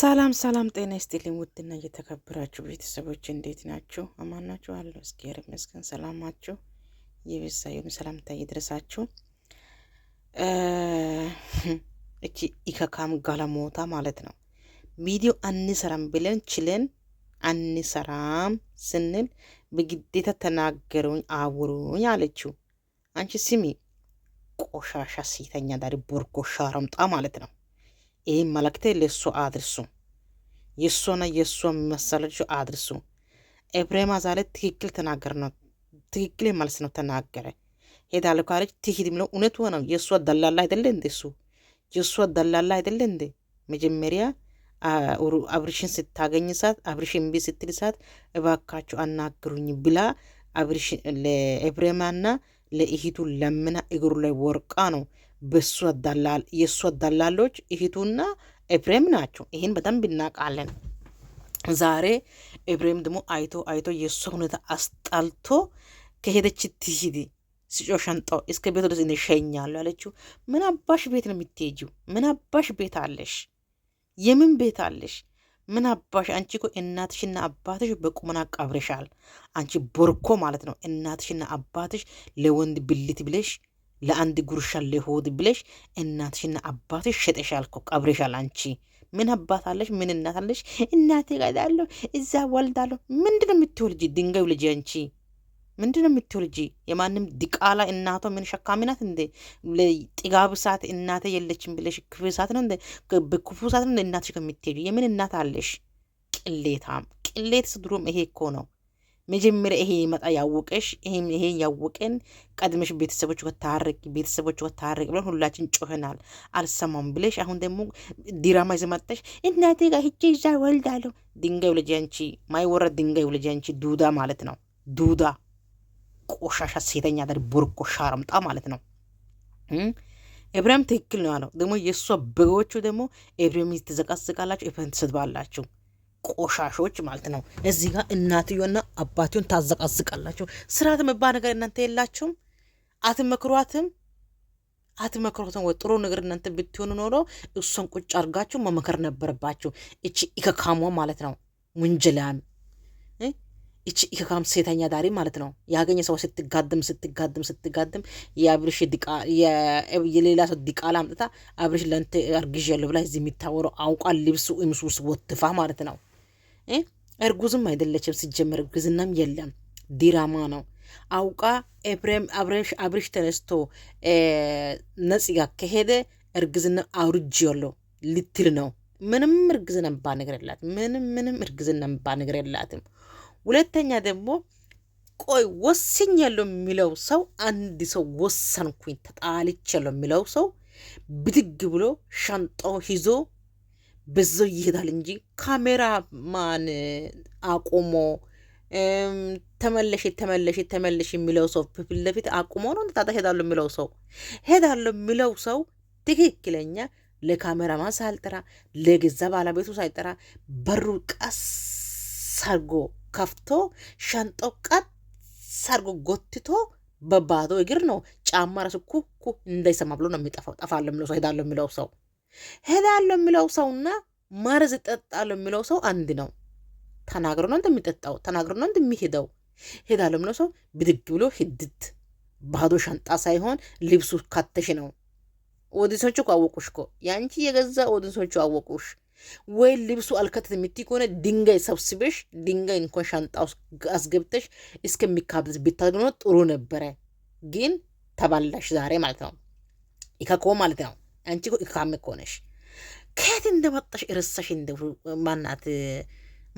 ሰላም ሰላም፣ ጤና ይስጥልኝ ውድና እየተከበራችሁ ቤተሰቦች እንዴት ናችሁ? አማን ናችሁ? አለሁ እግዚአብሔር ይመስገን። ሰላማችሁ የበዛዩም ሰላምታ እየደረሳችሁ እቺ ኢከካም ጋለሞታ ማለት ነው። ቪዲዮ አንሰራም ብለን ችለን አንሰራም ስንል በግዴታ ተናገሩኝ አውሩኝ አለችው። አንቺ ስሚ ቆሻሻ ሴተኛ ዳሪ ቦርጎሻ ረምጣ ማለት ነው ይህ መልእክቴ ለሱ አድርሱ። የእሱና የእሱ መሰሎቹ አድርሱ። ኤፍሬም አዛሌ ትክክል ተናገር ነው። ትክክል መልስ ነው ተናገረ። ሄዳሉ ካለች ትሂድ የሚለው እውነቱ ነው። የእሷ ደላላ አይደለ እንዴ? እሱ የእሷ ደላላ አይደለ እንዴ? መጀመሪያ አብርሽን ስታገኝ ሰዓት አብሪሽን ቢ ስትል ሰዓት እባካችሁ አናግሩኝ ብላ አብሪሽ ለኤፍሬማና ለእሂቱ ለምና እግሩ ላይ ወርቃ ነው በሱ አዳላል የእሱ አዳላሎች እህቱና ኤፍሬም ናቸው። ይህን በጣም ብናቃለን። ዛሬ ኤፍሬም ደግሞ አይቶ አይቶ የእሷ ሁኔታ አስጣልቶ ከሄደች ትሂድ ስጮ ሸንጣው እስከ ቤት ድረስ እኔ ያለችው፣ ምን አባሽ ቤት ነው የምትሄጂው? ምን አባሽ ቤት አለሽ? የምን ቤት አለሽ? ምን አባሽ አንቺ እኮ እናትሽና አባትሽ በቁመና ቀብረሻል። አንቺ ቦርኮ ማለት ነው። እናትሽና አባትሽ ለወንድ ብልት ብለሽ ለአንድ ጉርሻ ለሆድ ብለሽ እናትሽና አባትሽ ሸጠሻል እኮ ቀብሬሻል። አንቺ ምን አባት አለሽ? ምን እናት አለሽ? እናቴ ቀዳለሁ እዛ ወልዳለሁ። ምንድን ነው የምትወልጂ? ድንጋይ ልጅ አንቺ ምንድን ነው የምትወልጂ? የማንም ድቃላ እናቶ ምን ሸካሚ ናት እንዴ? ጥጋብ ሰዓት እናተ የለችም ብለሽ ክፉ ሰዓት ነው በክፉ ሰዓት ነው እናትሽ ከምትሄጂ። የምን እናት አለሽ? ቅሌታም ቅሌት ስድሮም ይሄ እኮ ነው። መጀመሪያ ይሄ ይመጣ ያወቀሽ ይሄም ይሄ ያወቀን ቀድመሽ ቤተሰቦች ወታረቅ ቤተሰቦች ወታረቅ ብለን ሁላችን ጮህናል። አልሰማም ብለሽ አሁን ደግሞ ዲራማ ይዘመጠሽ እናቴ ጋር ሂጄ ይዛ ወልዳለሁ። ድንጋይ ውለጂ አንቺ ማይወረድ ድንጋይ ውለጂ አንቺ ዱዳ ማለት ነው። ዱዳ ቆሻሻ ሴተኛ ደር ቦርኮ ሻረምጣ ማለት ነው። ኤብርሃም ትክክል ነው ያለው ደግሞ የእሷ በጎቹ ደግሞ ኤብርሃም ትዘቃዝቃላችሁ፣ ኤብርሃም ትሰድባላችሁ። ቆሻሾች ማለት ነው። እዚህ ጋር እናትዮና አባትዮን ታዘቃዝቃላቸው። ስርዓት የሚባል ነገር እናንተ የላችሁም። አትመክሯትም አትመክሯትም። ወይ ጥሩ ነገር እናንተ ብትሆኑ ኖሮ እሷን ቁጭ አድርጋችሁ መመከር ነበረባችሁ። እቺ ኢከካሟ ማለት ነው። ሙንጅላም እቺ ኢከካም ሴተኛ ዳሪ ማለት ነው። ያገኘ ሰው ስትጋድም ስትጋድም ስትጋድም የአብርሽ የሌላ ሰው ዲቃላ አምጥታ አብርሽ ለንተ አርግዣለሁ ብላ እዚህ የሚታወረው አውቃ ልብሱ ምሱስ ወትፋ ማለት ነው። እርጉዝም አይደለችም ሲጀመር፣ እርግዝናም የለም ዲራማ ነው። አውቃ ኤፍሬም አብሬሽ ተነስቶ ነፂ ጋር ከሄደ እርግዝና አውርጅ ያለው ልትል ነው። ምንም እርግዝና ምባ ነገር የላትም። ምንም ምንም እርግዝና ምባ ነገር የላትም። ሁለተኛ ደግሞ ቆይ ወስኝ ያለው የሚለው ሰው አንድ ሰው ወሰንኩኝ ተጣልች ያለው የሚለው ሰው ብድግ ብሎ ሻንጣው ይዞ ብዝው ይሄዳል እንጂ ካሜራማን አቁሞ ተመለሽ ተመለሽ ተመለሽ የሚለው ሰው ፊት ለፊት አቁሞ ነው እንታታ ሄዳለሁ የሚለው ሰው ሄዳለሁ የሚለው ሰው ትክክለኛ ለካሜራማን ሳልጠራ ለገዛ ባለቤቱ ሳይጠራ በሩ ቀስ አርጎ ከፍቶ ሻንጦ ቀስ አርጎ ጎትቶ በባዶ እግር ነው ጫማ ራሱ ኩኩ እንዳይሰማ ብሎ ነው የሚጠፋው። ጠፋለሁ የሚለው ሰው ሄዳለሁ የሚለው ሰው ሄዳለሁ የሚለው ሰውና መርዝ እጠጣለሁ የሚለው ሰው አንድ ነው። ተናግሮ ነው እንደሚጠጣው፣ ተናግሮ ነው እንደሚሄደው። ሄዳለሁ የሚለው ሰው ብድግ ብሎ ሂድት ባዶ ሻንጣ ሳይሆን ልብሱ ካተሽ ነው። ኦዲሶቹ አወቁሽ እኮ የአንቺ የገዛ ኦዲሶቹ አወቁሽ። ወይ ልብሱ አልከተት የምትይ ከሆነ ድንጋይ ሰብስበሽ ድንጋይ እንኳን ሻንጣ ውስጥ አስገብተሽ እስከሚካብዝ ቢታግኖ ጥሩ ነበረ። ግን ተባላሽ ዛሬ ማለት ነው። ይከኮ ማለት ነው። አንቺ ካም እኮ ነሽ። ከየት እንደመጣሽ እርሳሽ እንደ ማናት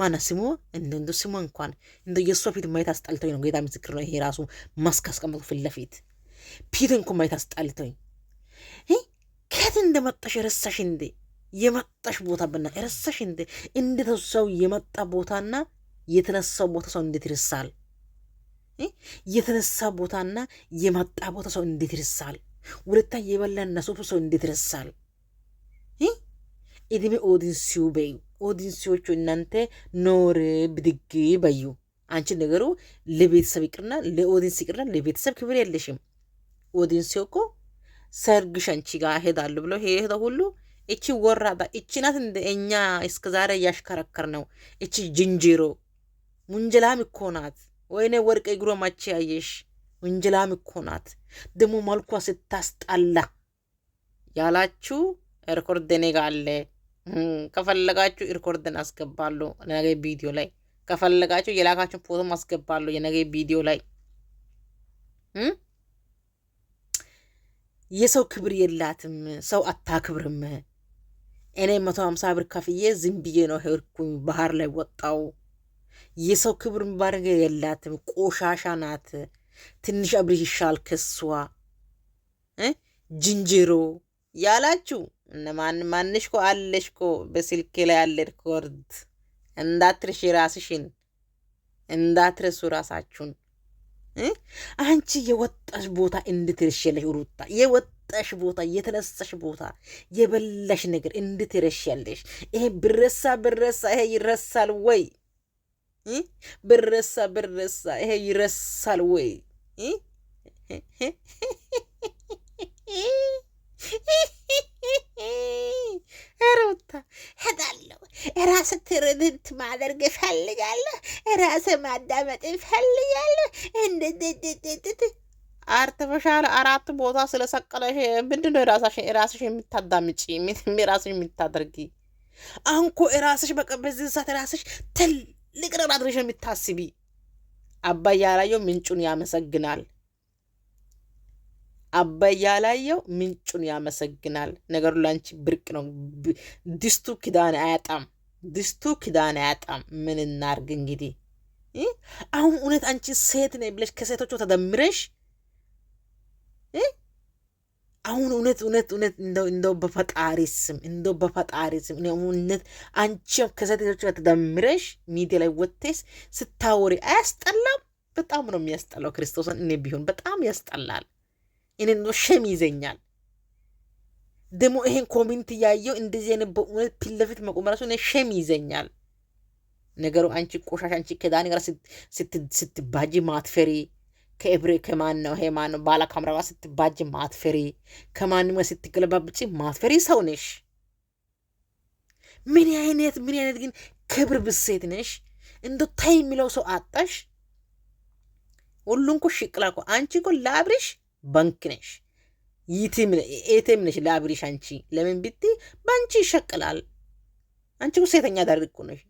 ማናት ስሞ እንደ ስሞ እንኳን እንደ የእሷ ፊት ማየት አስጠልተኝ ነው። ጌታ ምስክር ነው። ይሄ ራሱ ማስክ አስቀምጡ ፊት ለፊት ፊት እንኳ ማየት አስጠልተኝ። ከየት እንደመጣሽ እርሳሽ እንዴ የመጣሽ ቦታ ብና እርሳሽ እንዴ እንዴት ሰው የመጣ ቦታና የተነሳው ቦታ ሰው እንዴት ይርሳል? የተነሳ ቦታና የመጣ ቦታ ሰው እንዴት ይርሳል? ሁለታ የበላና ሶስት ሰው እንዴት ረሳል? እድሜ ኦዲንሲዩ በዩ ኦዲንሲዎቹ እናንተ ኖር ብድግ በዩ። አንቺ ነገሩ ለቤተሰብ ይቅርና ለኦዲንስ ይቅርና ለቤተሰብ ክብር የለሽም። ኦዲንሲው እኮ ሰርግሽ አንቺ ጋር ሄዳሉ ብለው ሄደ ሁሉ እቺ ወራዳ እቺ ናት እንደ እኛ እስከ ዛሬ እያሽከረከር ነው። እቺ ጅንጅሮ ሙንጀላም እኮ ናት። ወይኔ ወርቅ እግሮ ማቼ ያየሽ ወንጀላም እኮ ናት። ደግሞ መልኳ ስታስጣላ ያላችሁ ሪኮርድ እኔ ጋ አለ። ከፈለጋችሁ ሪኮርድን አስገባለሁ ነገ ቪዲዮ ላይ ከፈለጋችሁ የላካችሁን ፎቶም አስገባለሁ የነገ ቪዲዮ ላይ። የሰው ክብር የላትም፣ ሰው አታክብርም። እኔ መቶ ሀምሳ ብር ከፍዬ ዝም ብዬ ነው ሄድኩኝ፣ ባህር ላይ ወጣው። የሰው ክብር ባር የላትም፣ ቆሻሻ ናት። ትንሽ አብርሽ ይሻል ከሷ ጅንጅሮ ያላችሁ እነማን ማንሽ ኮ አለሽ ኮ በስልክ ላይ ያለ ሪኮርድ እንዳትርሽ፣ ራስሽን እንዳትረሱ ራሳችሁን። አንቺ የወጣሽ ቦታ እንድትርሽ ያለሽ ሩታ፣ የወጣሽ ቦታ የተነሳሽ ቦታ የበላሽ ነገር እንድትረሽ ያለሽ ይሄ ብረሳ ብረሳ ይሄ ይረሳል ወይ? ብረሳ ብረሳ ይሄ ይረሳል ወይ? ሩታ ሄዳለሁ። ራስ ትርድት ማድረግ እፈልጋለሁ። ራስ ማዳመጥ እፈልጋለሁ። እንደድድድድድ አርተፈሻል አራት ቦታ ስለሰቀለሽ ራሳሽ ራስሽ የምታዳምጪ ራስሽ የምታደርጊ አንኮ ራስሽ በቃ በዚህ ሰዓት ራስሽ ትል ልቅረብ አድርሽ የሚታስቢ አባይ ያላየው ምንጩን ያመሰግናል። አባያላየው ምንጩን ያመሰግናል። ነገሩ ላንቺ ብርቅ ነው። ድስቱ ክዳን አያጣም። ድስቱ ኪዳን አያጣም። ምን እናርግ እንግዲህ። አሁን እውነት አንቺ ሴት ነ ብለሽ ከሴቶቹ ተደምረሽ አሁን እውነት እውነት እውነት እንደው በፈጣሪ ስም እንደው በፈጣሪ ስም እውነት አንቺም ከሴቶች ጋር ተደምረሽ ሚዲያ ላይ ወጥተሽ ስታወሪ አያስጠላም? በጣም ነው የሚያስጠላው። ክርስቶስን እኔ ቢሆን በጣም ያስጠላል። እኔ ነው ሸም ይዘኛል። ደግሞ ይሄን ኮሚኒቲ ያየው እንደዚህ አይነት በእውነት ፊት ለፊት መቆም ራሱ እኔ ሸም ይዘኛል ነገሩ። አንቺ ቆሻሻ፣ አንቺ ከዳኒ ጋር ስትባጂ ማትፈሬ ከኤብሬ ከማን ነው ሄማን ባላ ካምራባ ስትባጅ ማትፈሪ ከማንም ስትገለባብጭ ማትፈሪ ሰው ነሽ። ምን አይነት ምን አይነት ግን ክብር ብሴት ነሽ! እንዶ ታይ የሚለው ሰው አጣሽ። ሁሉን ኮ ሽቅላ ኮ አንቺ ኮ ለአብሪሽ ባንክ ነሽ፣ ኤቲኤም ነሽ ለአብሪሽ አንቺ። ለምን ብቲ በአንቺ ይሸቅላል። አንቺ ኮ ሴተኛ ዳሪ እኮ ነሽ።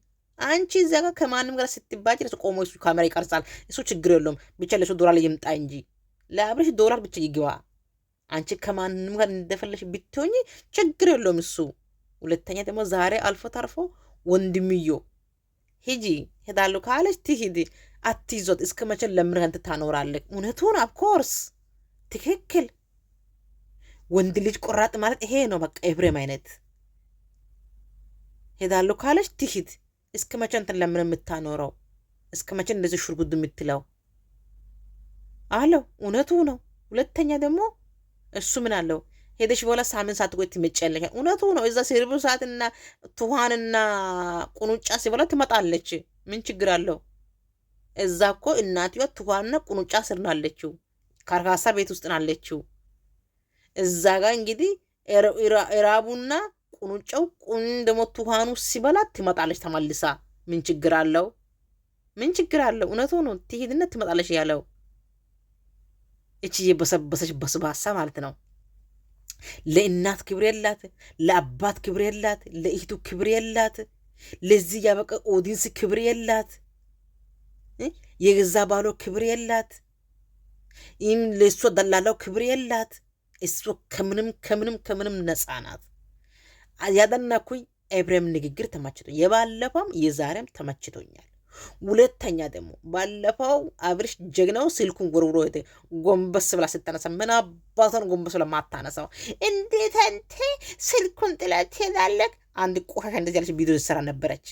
አንቺ እዚያ ጋር ከማንም ጋር ስትባጭ ለሱ ቆሞ ሱ ካሜራ ይቀርጻል። እሱ ችግር የለውም ብቻ ለሱ ዶላር ይምጣ እንጂ ለአብርሽ ዶላር ብቻ ይግባ። አንቺ ከማንም ጋር እንደፈለሽ ብትሆኝ ችግር የለውም እሱ። ሁለተኛ ደግሞ ዛሬ አልፎ ተርፎ ወንድምዮ ሂጂ ሄዳሉ ካለች ትሂድ፣ አትይዞት እስከ መቼ ለምንከንት ታኖራለህ? እውነቱን አፍኮርስ ትክክል። ወንድ ልጅ ቆራጥ ማለት ይሄ ነው። በቃ ኤፍሬም አይነት ሄዳሉ ካለች ትሂድ እስከ መቼ እንትን ለምን የምታኖረው? እስከ መቼ እንደዚህ ሽርጉድ የምትለው አለው። እውነቱ ነው። ሁለተኛ ደግሞ እሱ ምን አለው ሄደሽ በሁለት ሳምንት ሳትቆይ ትመጫለሽ። እውነቱ ነው። እዛ ሲርቡ ሰዓትና ትኋንና ቁኑጫ ሲበላ ትመጣለች። ምን ችግር አለው? እዛ እኮ እናትዮ ትኋንና ቁኑጫ ስር ናለችው፣ ካርካሳ ቤት ውስጥ ናለችው። እዛ ጋር እንግዲህ ኢራቡና ቁንድ እንደሞቱ ውሃኑ ሲበላት ትመጣለች ተመልሳ። ምን ችግር አለው? ምን ችግር አለው? እውነት ነው። ትሄድነት ትመጣለች ያለው እቺ የበሰበሰች በስባሳ ማለት ነው። ለእናት ክብር የላት፣ ለአባት ክብር የላት፣ ለእህቱ ክብር የላት፣ ለዚህ ያበቀ ኦዲንስ ክብር የላት፣ የገዛ ባሎ ክብር የላት፣ ይህም ለእሷ ደላላው ክብር የላት። እሷ ከምንም ከምንም ከምንም ነፃ ናት። ያጠናኩኝ ኤብሬም ንግግር ተመችቶኝ የባለፈውም የዛሬም ተመችቶኛል። ሁለተኛ ደግሞ ባለፈው አብርሽ ጀግናው ስልኩን ጎርጉሮ ሄደ። ጎንበስ ብላ ስታነሳ ምን አባቷን ጎንበስ ብላ ማታነሳው እንዴት አንተ ስልኩን ጥላት ሄዳለህ? አንድ ቆሻሻ እንደዚህ ያለች ቪዲዮ ስራ ነበረች።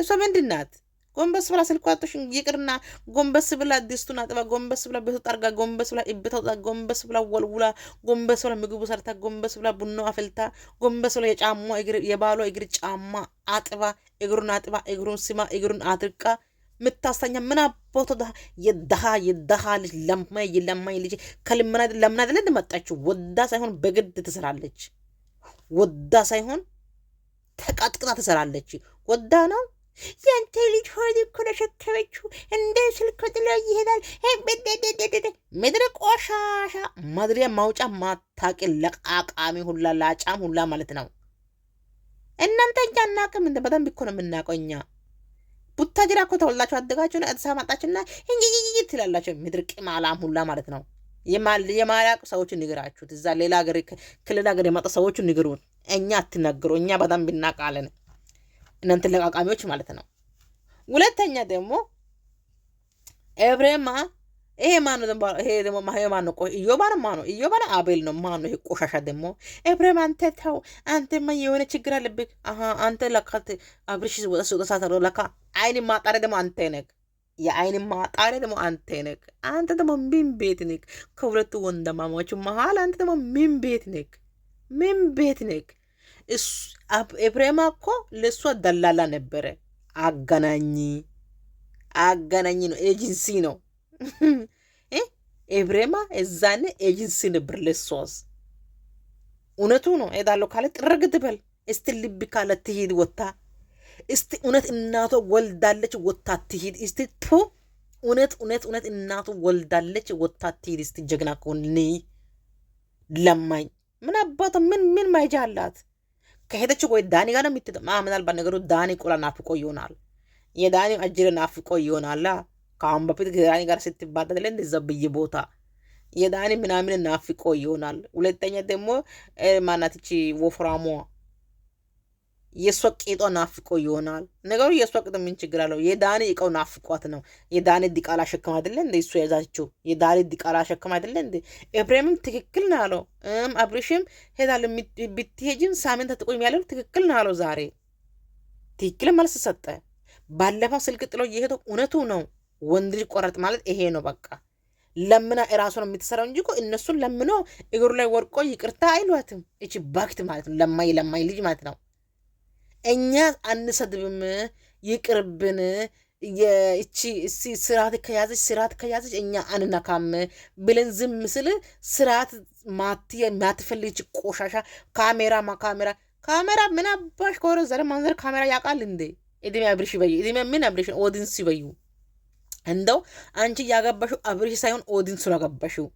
እሷ ምንድናት? ጎንበስ ብላ ስልኳቶሽ ይቅርና ጎንበስ ብላ ድስቱን አጥባ፣ ጎንበስ ብላ ቤቱ ጠርጋ፣ ጎንበስ ብላ እብታ ውጣ፣ ጎንበስ ብላ ወልውላ፣ ጎንበስ ብላ ምግቡ ሰርታ፣ ጎንበስ ብላ ቡና አፈልታ፣ ጎንበስ ብላ የጫማ እግር የባሏ እግር ጫማ አጥባ፣ እግሩን አጥባ፣ እግሩን ስማ፣ እግሩን አድርቃ ምታስተኛ ምን አቦቶ ዳ የዳሃ የዳሃ ልጅ ለማይ የለማይ ልጅ ከልምና ለምና ደለ እንደመጣችው ወዳ ሳይሆን በግድ ትሰራለች። ወዳ ሳይሆን ተቃጥቅጣ ትሰራለች። ወዳ ነው ያንተ ልጅ ሆድ እኮ ለሸከበችው እንደ ስልክ ጥሎ ይሄዳል። ምድረ ቆሻሻ ማድሪያ ማውጫ ማታቂ ለቃቃሚ ሁላ ላጫም ሁላ ማለት ነው። እናንተ እኛ እናቅም እንደ በደንብ እኮ ነው የምናውቀው። እኛ ቡታጅራ እኮ ተወላችሁ አደጋችሁና አዲስ አበባ መጣችሁና እንጂጂጂ ትላላችሁ። ምድር ቅማላም ሁላ ማለት ነው። የማላቅ ሰዎች ንግራችሁት፣ እዛ ሌላ ክልል ሀገር የመጣ ሰዎችን ንግሩት። እኛ አትነግሩ፣ እኛ በጣም ብናቃለን። እናንተን ለቃቃሚዎች ማለት ነው። ሁለተኛ ደግሞ ኤብሬማ ይሄ ማን ነው? ይሄ ደግሞ ይሄ ማን ነው? ኢዮባን ማን ነው? ኢዮባን አቤል ነው። ማን ነው? ይሄ ቆሻሻ ደግሞ ኤብሬም፣ አንተ ተው፣ አንተማ የሆነ ችግር አለብህ። አሀ አንተ ለካት አብርሽ ወጣ ሲወጣ ሳታሮ ለካ አይን ማጣሪያ ደግሞ አንተ ነህ። የአይን ማጣሪያ ደግሞ አንተ ነክ አንተ ደግሞ ምን ቤት ነህ? ከሁለቱ ወንድማማቾች መሀል አንተ ደግሞ ምን ቤት ነክ ምን ቤት ነክ ኤፍሬማ እኮ ለእሷ ደላላ ነበረ። አገናኝ አገናኝ ነው፣ ኤጀንሲ ነው። ኤፍሬማ እዛነ ኤጀንሲ ነበር ለእሷስ። እውነቱ ነው። ሄዳለሁ ካለ ጥርግ ትበል እስቲ፣ ልብ ካለ ትሂድ ወታ እስቲ። እውነት እናቶ ወልዳለች ወታ ትሂድ እስቲ። ቱ እውነት እውነት እውነት እናቱ ወልዳለች ወታ ትሂድ እስቲ። ጀግና ከሆን ለማኝ ምን አባቱ ምን ምን ማይጃ አላት? ከሄደች ወይ ዳኒ ጋር ነው የምትጠማ ምናልባት ነገሩ ዳኒ ቁላ ናፍቆ ይሆናል። የዳኒ አጅር ናፍቆ ይሆናል። ከአሁን በፊት ከዳኒ ጋር ስትባታል እንደዛ ብይ ቦታ የዳኒ ምናምን ናፍቆ ይሆናል። ሁለተኛ ደግሞ ማናትቺ ወፍራሟ የእሷ ቂጧ ናፍቆ ይሆናል ነገሩ። የእሷ ቅጥ ምን ችግር አለው? የዳኔ እቃው ናፍቋት ነው። የዳኔ ዲቃላ ሸክም አይደለ እንደ እሱ የያዛችው የዳኔ ዲቃላ ሸክም አይደለ እንደ ኤብሬምም ትክክል ነው አለው። አብሬሽም ሄዳል ብትሄጅም ሳሜን ተጥቆኝ ያለው ትክክል ነው አለው። ዛሬ ትክክል መልስ ሰጠ። ባለፈው ስልክ ጥሎ የሄደው እውነቱ ነው። ወንድ ልጅ ቆረጥ ማለት ይሄ ነው። በቃ ለምና እራሱ ነው የምትሰራው እንጂ እኮ እነሱን ለምኖ እግሩ ላይ ወርቆ ይቅርታ አይሏትም። እቺ ባክት ማለት ነው። ለማይ ለማይ ልጅ ማለት ነው። እኛ አንሰድብም፣ ይቅርብን። ይቺ ስርዓት ከያዘች ስርዓት ከያዘች እኛ አንነካም ብለን ዝም ምስል ስርዓት ማትፈልች ቆሻሻ ካሜራ ካሜራ ካሜራ ምን አባሽ ከሆነ ዘለ ማንዘር ካሜራ ያውቃል እንዴ? እድሜ አብርሽ ይበዩ። እድሜ ምን አብርሽ ኦዲንስ ይበዩ። እንደው አንቺ ያገባሽው አብርሽ ሳይሆን ኦዲንሱ ነው ያገባሽው።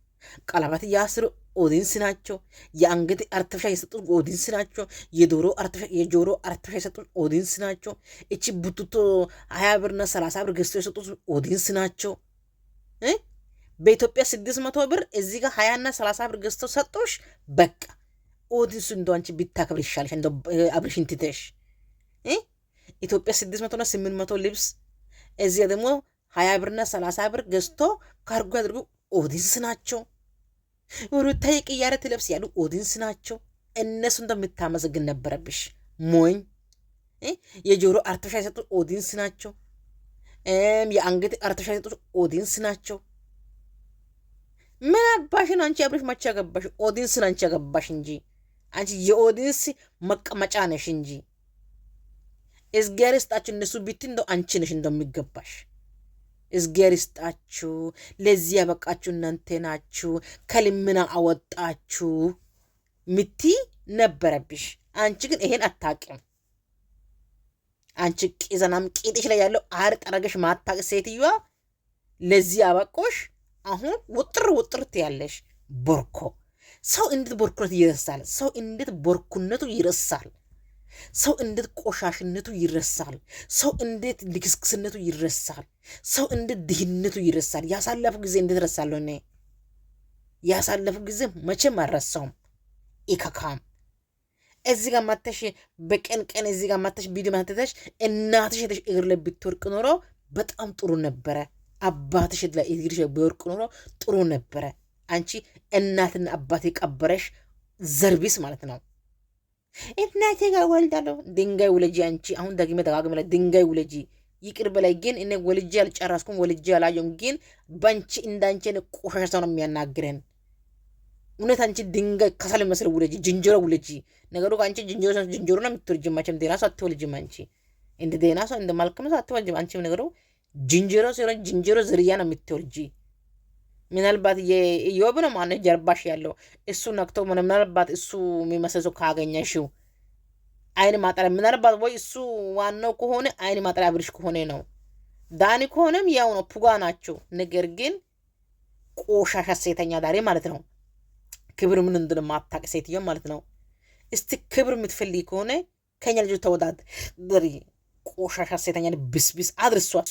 ቀለበት ያስሩ ኦዲንስ ናቸው። የአንገት አርተፍሻ የሰጡን ኦዲንስ ናቸው። የዶሮ የጆሮ አርተፍሻ የሰጡን ኦዲንስ ናቸው። እቺ ቡቱቶ ሀያ ብርና ሰላሳ ብር ገዝቶ የሰጡት ኦዲንስ ናቸው። በኢትዮጵያ ስድስት መቶ ብር እዚህ ጋር ሀያና ሰላሳ ብር ገዝቶ ሰጦሽ። በቃ ኦዲንሱ እንደ አንቺ ቢታከብር ይሻልሽ። እንደ አብርሽን ትተሽ ኢትዮጵያ ስድስት መቶና ስምንት መቶ ልብስ እዚያ ደግሞ ሀያ ብርና ሰላሳ ብር ገዝቶ ካርጎ አድርጎ ኦዲንስ ናቸው። ሩታዬ ቅያሬ ትለብስ ያሉ ኦዲንስ ናቸው። እነሱ እንደምታመሰግን ነበረብሽ። ሞኝ የጆሮ አርተሻ የሰጡ ኦዲንስ ናቸው። የአንገት አርተሻ የሰጡ ኦዲንስ ናቸው። ምን አባሽን አንቺ አብረሽ መቼ ገባሽ? ኦዲንስን አንቺ ገባሽ እንጂ አንቺ የኦዲንስ መቀመጫ ነሽ እንጂ እዝጋር ስጣችሁ እነሱ ቢት እንደው አንቺ ነሽ እንደሚገባሽ እዝጌር ይስጣችሁ። ለዚህ ያበቃችሁ እናንተ ናችሁ። ከልምና አወጣችሁ ምቲ ነበረብሽ። አንቺ ግን ይሄን አታቅም። አንቺ ቂዘናም ቂጥሽ ላይ ያለው አር ጠረገሽ ማታቅ ሴትዮዋ ለዚህ አበቆሽ። አሁን ውጥር ውጥር ትያለሽ። ቦርኮ ሰው እንዴት ቦርኩነት ይረሳል? ሰው እንዴት ቦርኩነቱ ይረሳል? ሰው እንዴት ቆሻሽነቱ ይረሳል? ሰው እንዴት ልክስክስነቱ ይረሳል? ሰው እንዴት ድህነቱ ይረሳል? ያሳለፉ ጊዜ እንዴት ረሳለሁ እኔ ያሳለፉ ጊዜ መቼም አልረሳውም። ኢካካም እዚህ ጋር ማተሽ በቀን ቀን እዚህ ጋር ማተሽ ቢድ ማተተሽ እናትሽ የተሽ እግር ላይ ብትወርቅ ኖሮ በጣም ጥሩ ነበረ። አባትሽ ላይ እግርሽ ቢወርቅ ኖሮ ጥሩ ነበረ። አንቺ እናትና አባት የቀበረሽ ዘርቢስ ማለት ነው። እናቴ ጋር ወልዳለሁ። ድንጋይ ውለጂ አንቺ። አሁን ደግሜ ደጋግሜ ድንጋይ ውለጂ። ይቅር በላይ ግን እኔ ወልጄ አልጨረስኩም፣ ወልጄ አላየሁም። ግን በአንቺ እንዳንቺ ቆሻሻ ሰው ነው የሚያናግረን። እውነት አንቺ ድንጋይ ከሰል መስል ውለጂ፣ ዝንጀሮ ውለጂ። ነገሩ አንቺ ዝንጀሮ ዝንጀሮ ነው የምትወልጂም፣ አንቺ ዴና ሰው አትወልጂም። አንቺ እንደ ዴና ሰው እንደ ማልከም ሰው አትወልጂም። አንቺ ነገሩ ዝንጀሮ ሲሆን ዝንጀሮ ዝርያ ነው የምትወልጂ ምናልባት የኢዮብ ነው ማነ ጀርባሽ ያለው እሱ ነክቶ ምናልባት እሱ የሚመስል ሰው ካገኘሽው አይን ማጠሪያ ምናልባት ወይ እሱ ዋናው ከሆነ አይን ማጠሪያ ብርሽ ከሆነ ነው። ዳኒ ከሆነም ያው ነው ፑጋ ናቸው። ነገር ግን ቆሻሻ ሴተኛ ዳሬ ማለት ነው። ክብር ምን እንድን እንደማታቅ ሴትዮ ማለት ነው። እስቲ ክብር የምትፈልግ ከሆነ ከኛ ልጆች ተወዳደሪ። ቆሻሻ ሴተኛ ብስብስ አድርሷት።